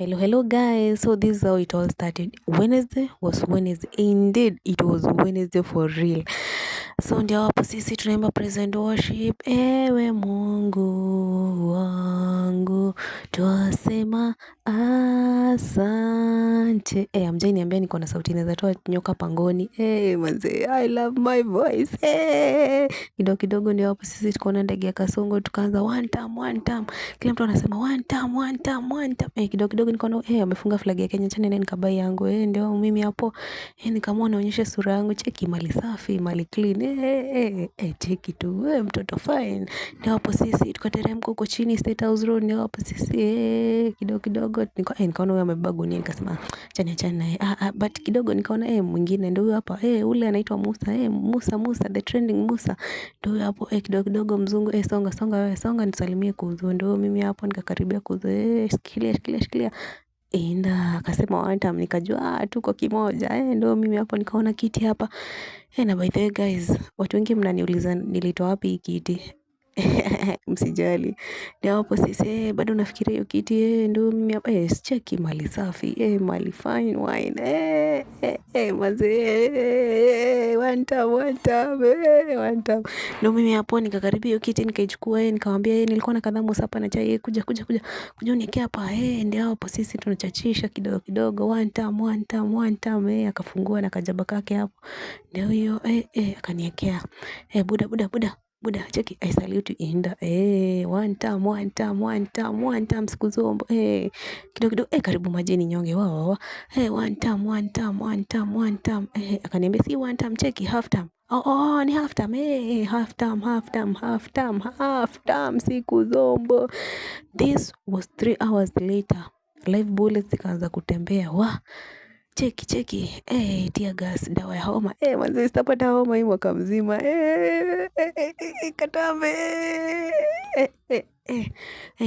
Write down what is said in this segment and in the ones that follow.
hello hello guys so this is how it all started wednesday was wednesday indeed it was wednesday for real So ndio hapo sisi tunaimba praise and worship. Ewe Mungu wangu twasema asante. Eh, amjai niambia niko na sauti inaweza toa nyoka pangoni. Eh, manze, I love my voice. Eh, kidogo kidogo ndio hapo sisi tukaona ndege ya kasongo tukaanza one time one time. Kila mtu anasema one time one time one time. Eh, kidogo kidogo nikaona eh amefunga flag ya Kenya chana nene nikabai yangu. Eh, ndio mimi hapo eh, nikamwona onyesha sura yangu. Cheki mali safi, mali clean hey, eh, eh, hey, eh, take mtoto fine ni wapo sisi tuko teremko huko chini State House Road ni wapo sisi kidogo kidogo nikaona huyo amebeba gunia nikasema chana chana hey. ah, ah, but kidogo nikaona eh, mwingine ndio huyo hapa eh, ule anaitwa Musa eh, Musa Musa the trending Musa ndio huyo hapo eh, kidogo kidogo mzungu eh, songa songa wewe songa nisalimie kuzo, ndio mimi hapo nikakaribia kuzo eh, shikilia shikilia shikilia Enda, akasema one time nikajua ah, tuko kimoja eh, ndo mimi hapo nikaona kiti hapa eh, na by the way guys, watu wengi mnaniuliza nilitoa wapi hii kiti msijali ndio hapo sisi eh, bado nafikiria hiyo kiti eh, ndo mimi hapa eh, sicheki mali safi eh, mali fine wine eh, eh, eh, one time one time one time ndo mimi hapo nikakaribia hiyo kiti nikaichukua eh, nikamwambia nilikuwa na kadhaa hapa na chai kuja kuja kuja kuja uniekea hapa eh, ndio hapo sisi tunachachisha kidogo kidogo one time one time one time akafungua na kajaba kake hapo ndio hiyo eh, eh, akaniekea buda buda buda buda cheki I salute you inda eh, one time one time one time one time sikuzombo eh, kidogo kidogo eh, karibu majini nyonge wa wa wa eh, one time one time one time one time eh, akaniambia si one time cheki half time Oh, oh, oh ni half time eh, eh, half time half time half time half time sikuzombo This was three hours later, live bullets zikaanza kutembea wa cheki cheki, eh, tia gas, dawa ya homa eh, mwanzo sitapata homa hii mwaka mzima eh, eh, eh, eh, Katambe eh, eh eh,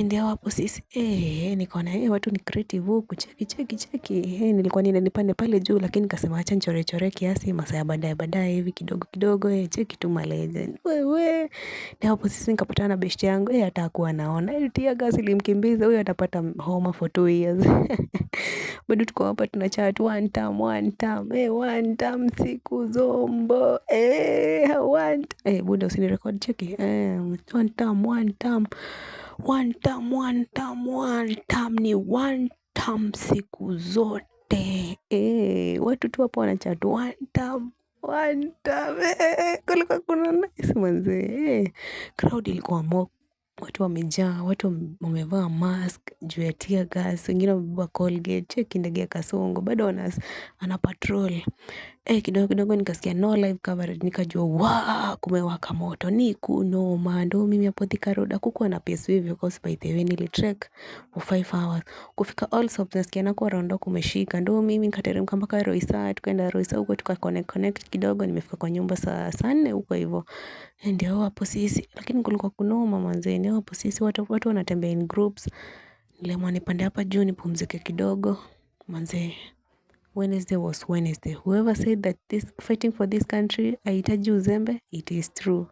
ndio hapo sisi, eh, nikaona eh, watu ni creative huku, cheki cheki cheki, eh, nilikuwa nina nipande pale juu, lakini kasema acha nichore chore kiasi, masaa ya baadaye baadaye hivi kidogo kidogo, eh, cheki tu legend wewe, ndio hapo sisi nikapatana na best yangu, eh, hata atakuwa anaona, eh, tia gas ilimkimbiza huyo, atapata homa for two years bado tuko hapa tuna chat one time one time, eh, one time siku zombo, eh, one time, eh, buda record cheki, eh, one time one time One time, one tam one time ni one tam siku zote. eh, watu tu hapo wanachat one time one time. E, kulikuwa kuna nice manzee. E, eh, crowd ilikuwa mo watu wamejaa, watu wamevaa mask juu ya tear gas, wengine wamebeba Colgate, cheki ndege ya Kasongo bado ana, ana patrol eh, kidogo kidogo nikasikia no live coverage, nikajua wa kumewaka moto, ni kunoma. Ndo mimi hapo Thika Road hakukuwa na pace hivyo, cause by the way nilitrek for 5 hours kufika all shops, nasikia nakuwa rondo kumeshika, ndo mimi nikateremka mpaka Roisa, tukaenda Roisa huko tuka connect connect kidogo, nimefika kwa nyumba saa saa huko hivyo, eh, ndio hapo sisi. Lakini kulikuwa kunoma manzee, ndio hapo sisi watu watu wanatembea in groups, nilemwa nipande hapa juu nipumzike kidogo manzee. Wednesday was Wednesday. Whoever said that this fighting for this country haihitaji uzembe, it is true.